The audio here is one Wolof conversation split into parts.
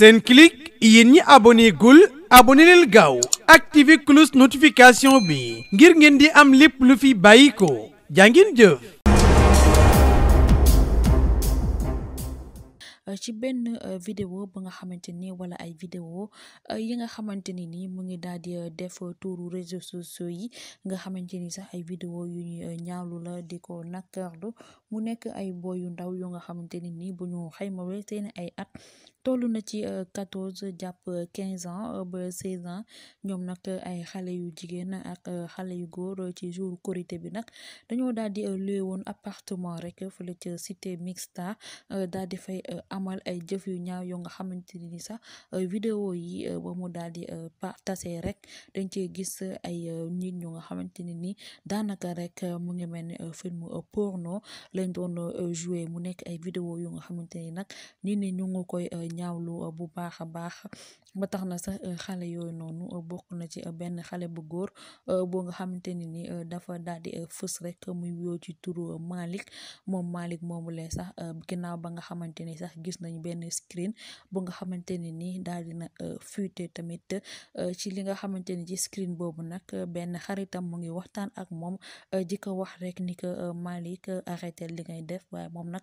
Senclic yéen ñi abonné gul abonné leen gaaw activé cloche notification bi ngir ngeen di am lépp lu fi bàyyi ko jàngin jëf. Euh, ci benn euh, vidéo ba nga xamante ni wala ay vidéo euh, yi nga xamante ni nii mu ngi daal di def tuuru réseaux sociaux yi nga xamante ni sax ay vidéo yu ñu ñaawlu la di ko nakkardu mu nekk ay boy yu ndaw yoo nga xamante ni nii bu ñu xaymawe seen ay at toll na ci 14 euh, jàpp euh, quinze ans euh, ba 16 ans ñoom nag ay xale yu jigéen ak xale yu góor ci jour korité bi nag dañoo daal di loué woon appartement rek fële ca cité mixta daal di fay amal ay jëf yu ñaaw yoo nga xamante ni sax vidéo yi ba mu daal di partagé rek dañ cee gis ay nit ñu nga xamante ne ni daanaka rek mu ngi mel ni film porno lañ doon mu nekk ay vidéo yu nga xamante ni nag koy ñaawlu euh, bu baax a baax ba tax na sax euh, xale yooyu noonu euh, bokk na ci benn xale bu góor boo nga xamante ne ni dafa daal di fës rek muy wuyoo ci turu Malick moom Malick moomu lee sax ginnaaw ba nga xamante ni sax gis nañ benn screen bu nga xamante ne ni daal di na fuité tamit ci li nga xamante ni ci screen boobu nag benn xaritam mu ngi waxtaan ak moom di ko wax rek ni que Malick arrêté li ngay def waaye moom nag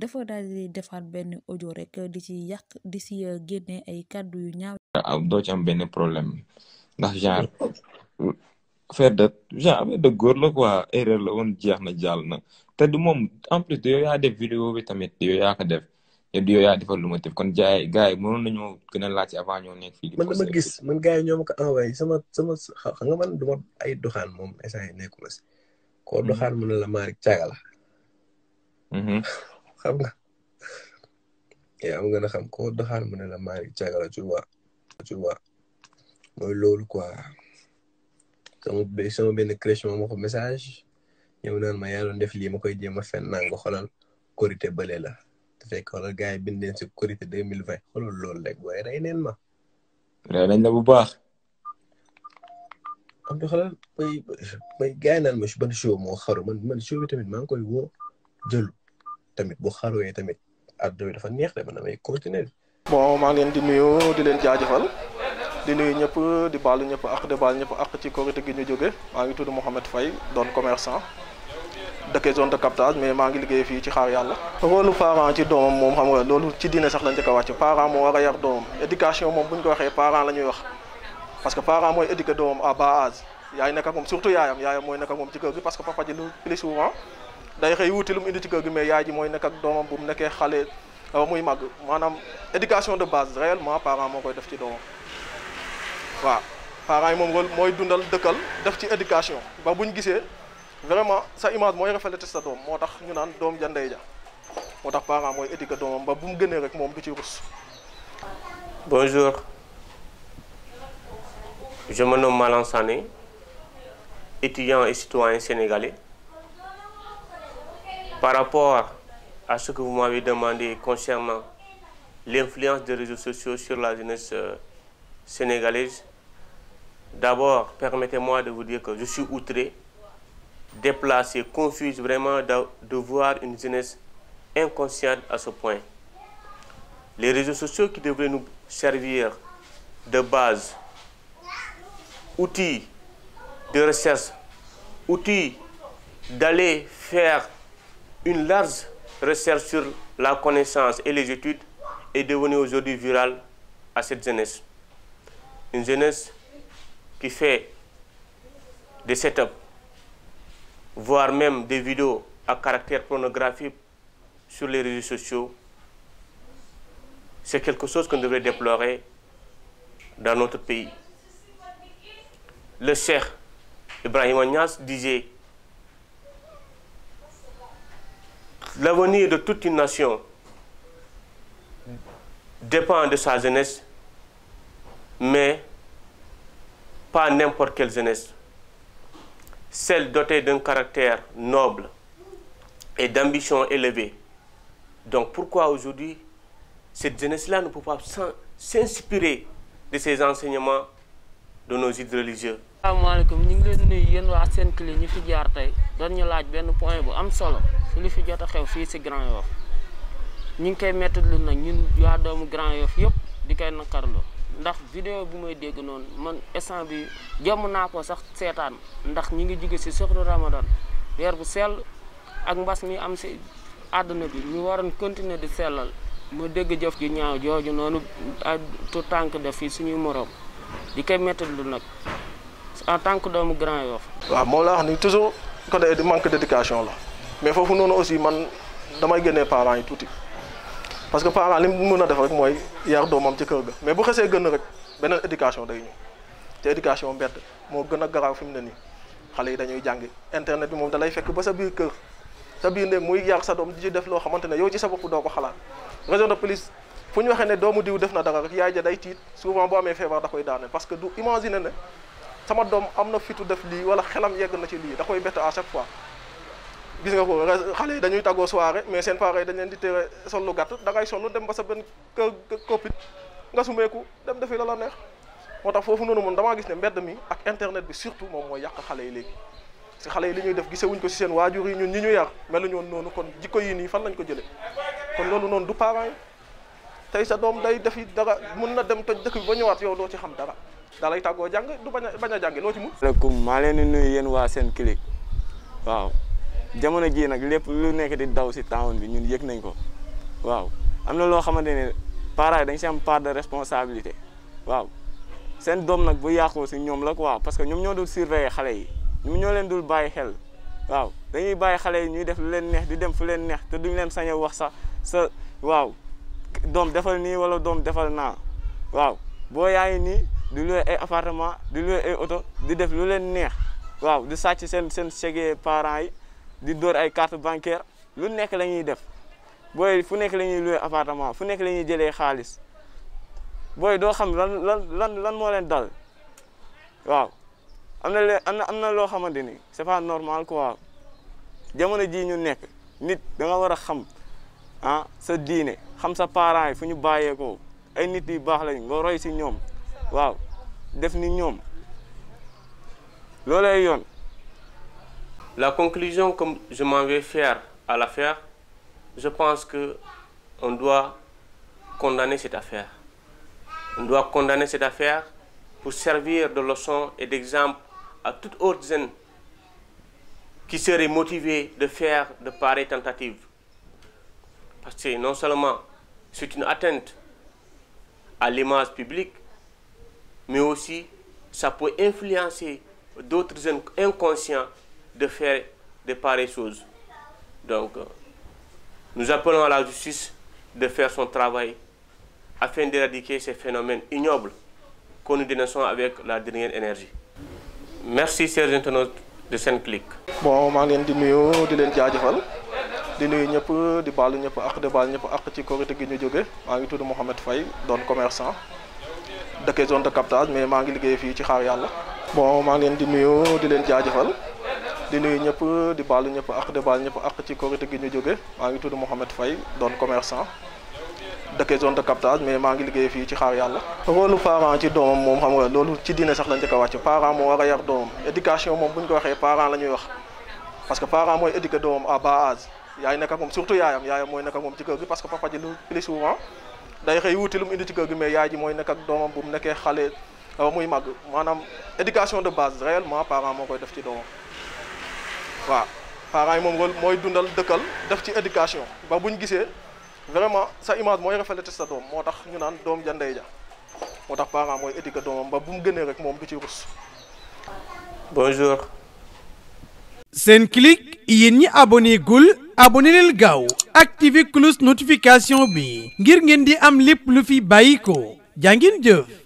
dafa daal di defaat benn audio rek di ci yàq. yàq di si euh, génnee ay kàddu yu ñaaw. doo am benn problème ndax genre affaire de genre de góor la quoi erreur la woon jeex na jàll na te du moom en plus de yow yaa def vidéo bi tamit yow yaa ko def yow yow yaa defal lu ma def kon jaay gars yi mënoon nañoo gën a laajte avant ñoo nekk fii. man dama gis man gars yi ñoo ma sama sama xam nga man duma ay doxaan moom instant yi nekkuma si. koo mhm. doxaan mu ne la Malick Thiaga la. Mhm. xam nga. yaa gën a xam ko doxaan mu la maa ngi cagala tu vois mooy loolu quoi sama sama benn crèche moo ma ko message ñëw naan ma yàlla def lii ma koy jéem a fen naa nga xoolal korité bële la te fekk xoolal gars yi bindeen si korité deux mille vingt xoolal loolu rek waaye rey neen ma rey nañ la baax am na xoolal bay bay naan ma ban moo xaru man man tamit maa ngi koy woo jëlu tamit bu xaruwee tamit àdduna bi dafa neex de man damay continuer. bon maa ngi leen di nuyu di leen jaajëfal di nuyu ñëpp di baalu ñëpp ak di baal ñëpp ak ci korite gi ñu jóge maa ngi tudd Mouhamed Faye doon commerçant de captage mais maa ngi liggéey fii ci xaar yàlla. rôle parent ci doomam moom xam nga loolu ci diine sax lañ njëkk a wàcc parent moo war a yar doomam éducation moom bu ñu ko waxee parent la ñuy wax parce que parent mooy éduquer doomam à bas yaay nekk moom surtout yaayam yaayam mooy nekk day xëy wuti lu mu indi ci gi mais yaay ji mooy nekk ak doomam bu mu nekkee xale euh, muy màgg maanaam éducation de base réellement parent moo koy def ci doomam waaw parents yi moom rôle mooy dundal dëkkal def ci éducation ba bu ñu gisee vraiment sa image mooy reflété sa doom moo tax ñu naan doom ja ndey ja moo tax parent mooy éduquer doomam ba bu mu gënee rek moom du ci rus. Bonjour, je me nomme Malang Sané, étudiant et citoyen sénégalais. Par rapport à ce que vous m'avez demandé concernant l'influence des réseaux sociaux sur la jeunesse euh, sénégalaise, d'abord, permettez-moi de vous dire que je suis outré, déplacé, confus vraiment de, de voir une jeunesse inconsciente à ce point. Les réseaux sociaux qui devraient nous servir de base, outils de recherche, outils d'aller une large recherche sur la connaissance et les études est devenue aujourd'hui virale à cette jeunesse. Une jeunesse qui fait des setups, voire même des vidéos à caractère pornographique sur les réseaux sociaux. C'est quelque chose qu'on devrait déplorer dans notre pays. Le cher Ibrahim Niass disait L'avenir de toute une nation dépend de sa jeunesse, mais pas n'importe quelle jeunesse. Celle dotée d'un caractère noble et d'ambition élevée. Donc pourquoi aujourd'hui cette jeunesse-là ne peut pas s'inspirer de ces enseignements de nos guides religieux. asalaamaaleykum ñu ngi leen nuyu yéen waa Senclic ñi fi jaar tey doon ñu laaj benn point bu am solo. fi jot a xew fii si Grand Yoff ñu ngi koy métti lu nag ñun waa doomu Grand Yoff yëpp di koy naqarloo ndax vidéo bu may dégg noonu man instant bi jomm naa ko sax seetaan ndax ñu ngi jóge si soxla Ramadan weer bu sell ak mbas mi am si àdduna bi ñu waroon continuer di sellal ma dégg jëf ju ñaaw jooju noonu ay tout tànk def fii suñuy morom di koy métti nag en tant doomu Grand Yoff. waaw moom la wax ni toujours côté manque d'éducation la. mais foofu noonu aussi man damay génnee parents yi tuuti parce que parent li mu mën a def rek mooy yar doomam ci kër ga mais bu xesee gën rek beneen éducation day ñëw te éducation mbett moo gën a garaaw fi mu ne nii xale yi dañuy jàngi internet bi moom dalay fekk ba sa biir kër sa biir ne muy yar sa doom di ci def loo xamante ne yow ci sa bopp doo ko xalaat réseau de police fu ñu waxee ne doomu diw def na dara rek yaay ja day tiit souvent bu amee feebar da koy daane parce que du imaginer ne sama doom am na fitu def lii wala xelam yegg na ci lii da koy bett à chaque fois gis nga ko xale yi dañuy tàggoo soirée mais seen parents yi dañ leen di tere sol lu gàtt da ngay dem ba sa benn kë koppit nga sumeeku dem defi la la neex moo tax foofu noonu moom damaa gis ne mbedd mi ak internet bi surtout moom mooy yàq xale yi léegi si xale yi li ñuy def gisewuñ ko si seen waajur yi ñun ñi ñu yar meluñu woon noonu kon jikko yi nii fan lañ ko jëlee kon loolu noonu du parents yi tey sa doom day defi dara mun na dem toj dëkk bi ba ñëwaat yow doo ci xam dara da lay tàggoo jàng du bañ a bañ a jàngi loo ci maa leen di nuyu yéen waa Senclic waaw. jamono jii nag lépp lu nekk di daw si town bi ñun yëg nañ ko waaw am na loo xamante ne parents dañ si am de responsabilité waaw seen doom nag bu yàqoo si ñoom la quoi parce que ñoom ñoo dul surveiller xale yi ñoom ñoo leen dul bàyyi xel waaw dañuy bàyyi xale yi ñuy def lu leen neex di dem fu leen neex te duñ leen sañaw wax sax sa waaw doom defal nii wala doom defal naa waaw boo yaay nii di loué ay appartement di loué ay oto di def lu leen neex waaw di sàcc seen seen chege parents yi. di dóor ay carte bancaire lu nekk lañuy def booy fu nekk lañuy ñuy loué fu nekk lañuy ñuy jëlee xaalis booy doo xam lan lan lan lan moo leen dal waaw am na am na am na loo xamante ni c'est pas normal quoi jamono jii ñu nekk nit da war a xam ah sa diine xam sa parents yi fu ñu bàyyeekoo ay nit yu baax lañ nga roy si ñoom waaw def ni ñoom loolay yoon. La conclusion que je m'en vais faire à l'affaire, je pense que on doit condamner cette affaire. On doit condamner cette affaire pour servir de leçon et d'exemple à toute autre jeune qui serait motivée de faire de pareilles tentatives. Parce que non seulement c'est une atteinte à l'image publique, mais aussi ça peut influencer d'autres jeunes inconscients de faire de pareilles choses. Donc, euh, nous appelons à la justice de faire son travail afin d'éradiquer ces phénomènes ignobles que nous dénonçons avec la dernière énergie. Merci, chers internautes de Senclic. bon maa ngi leen di nuyu di leen jaajëfal di nuyu ñëpp di baalu ñëpp ak di baal ci korite gi ñu jóge maa ngi tudd Mouhamed Faye doon commerçant dëkkee zone de captage mais maa ngi liggéey fii ci Xaar Yàlla. bon maa ngi leen di nuyu di leen jaajëfal. di nuyu ñëpp di baalu ñëpp ak di baal ñëpp ak ci korite gi ñu jóge maa ngi tudd Mouhamed Faye doon commerçant dëkkee zone de captage mais maa ngi liggéey fii ci xaar yàlla rôlu parent ci doomam moom xam nga loolu ci diine sax lañ njëkk a wàcc parent moo war a yar doomam éducation moom bu ñu ko waxee parent la ñuy wax parce que parent mooy éduquer doomam à bas âge yaay nekk ak moom surtout yaayam yaayam mooy nekk ak moom ci kër gi parce que papa ji lu plus souvent day xëy mais yaay ji mooy nekk ak doomam bu mu nekkee xale muy màgg maanaam de base réellement parent moo koy def ci doomam waaw parent yi moom rôle mooy dundal dëkkal def ci éducation ba bu ñu gisee vraiment sa image mooy reflété sa doom moo tax ñu naan doom ja ndey ja moo tax parent mooy éduqué doomam ba bu mu gënee rek moom du ci rus. bonjour. Senclic yéen ñi abonné gul abonné leen gaaw activé cloche notification bi ngir ngeen di am lépp lu fi bàyyi ko jaa jëf.